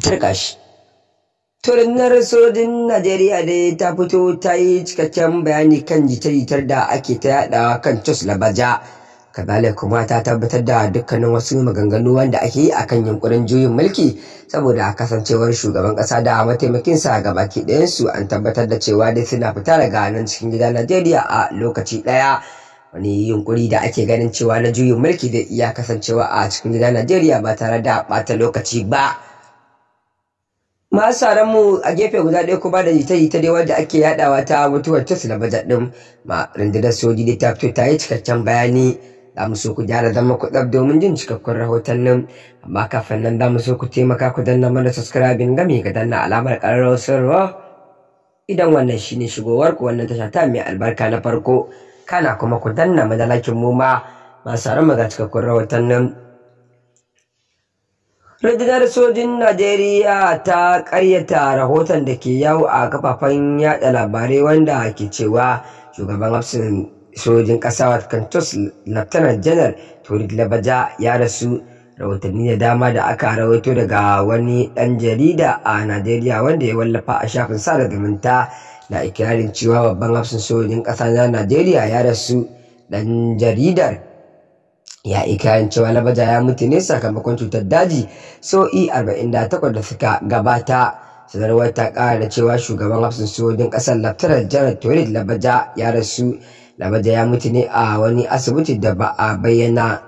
turka shi turnar sojin najeriya da ta fito ta yi cikakken bayani kan jita-jitar da ake ta yadawa kan cus labaja kazalika kuma ta tabbatar da dukkanin wasu maganganu wanda ake yi a kan yunkurin juyin mulki saboda kasancewar shugaban ƙasa da mataimakinsa ga baki ɗayansu an tabbatar da cewa dai suna fita daga nan cikin gida najeriya a lokaci ɗaya wani yunkuri da ake ganin cewa na juyin mulki da iya kasancewa a cikin gida najeriya ba tare da ɓata lokaci ba masu mu a gefe guda ɗaya kuma da jita-jita dai wadda ake yaɗawa ta mutuwar tusula bajet ɗin ma rundunar soji da ta fito ta yi cikakken bayani za mu so ku gyara zama ku ɗab domin jin cikakkun rahoton nan amma kafin nan za mu so ku taimaka ku danna mana subscribing gami, ga danna alamar ƙararrawar sanarwa idan wannan shine shigowar ku wannan tasha ta mai albarka na farko kana kuma ku danna madalakin mu ma masu mu ga cikakkun rahoton nan rundunar sojin najeriya ta karyata rahoton da ke yawo a kafafen yada labarai wanda ke cewa shugaban hafsin sojin ƙasa kantos laftanar janar turid labaja ya rasu rahotanni da dama da aka rawaito daga wani ɗan jarida a najeriya wanda ya wallafa a shafin sada zumunta na ikirarin cewa babban hafsin sojin ƙasa na najeriya ya rasu ɗan jaridar ya yi kayan cewa labaja ya mutu ne sakamakon cutar daji so'i 48 da suka gabata sanarwar ta kara da cewa shugaban hafsin sojojin kasar laftanar janar torit labaja ya rasu labaja ya mutu ne a wani asibiti da ba a bayyana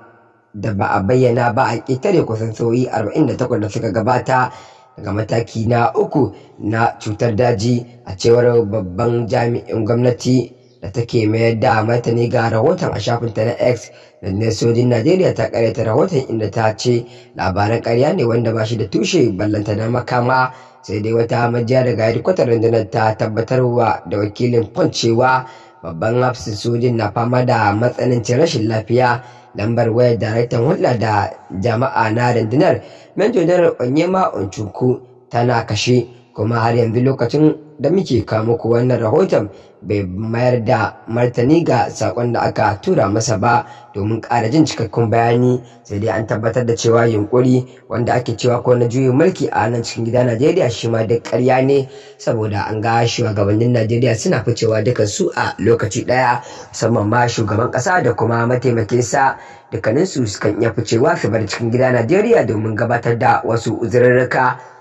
ba a bayyana ba a ƙetare kusan so'i 48 da suka gabata daga mataki na uku na cutar daji a cewar babban jami'in gwamnati da take mayar da martani ga rahoton a shafinta na X da sojin Najeriya ta karyata rahoton inda ta ce labaran karya ne wanda ba shi da tushe ballanta na makama sai dai wata majiya daga hedikwatar rundunar ta tabbatarwa da wakilin Punch cewa babban hafsin sojin na fama da matsanancin rashin lafiya lambar wayar daraktan hulɗa da jama'a na rundunar Major General Onyema Onchukwu tana kashe kuma har yanzu lokacin da muke kawo muku wannan rahoton bai mayar da martani ga sakon da aka tura masa ba domin ƙara jin cikakkun bayani sai dai an tabbatar da cewa yunkuri wanda ake cewa ko na juyin mulki a nan cikin gida najeriya shi ma duk ƙarya ne saboda an ga shugabannin najeriya suna ficewa dukan su a lokaci ɗaya musamman ma shugaban ƙasa da kuma mataimakin sa, dukkaninsu sukan iya ficewa su bar cikin gida najeriya domin gabatar da wasu uzurirrika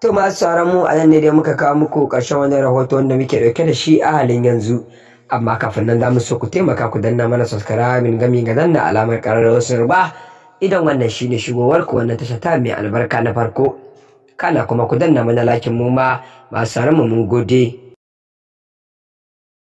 To masu sauran mu a nan ne dai muka kawo muku ƙarshen wani rahoto wanda muke ɗauke da shi a halin yanzu. Amma kafin nan za mu so ku taimaka ku danna mana subscribing gami ga danna alamar ƙararrawar ruba idan wannan shine shigowar ku wannan tasha ta mai albarka na farko. Kana kuma ku danna mana lakin mu ma masu sauran mu mun gode.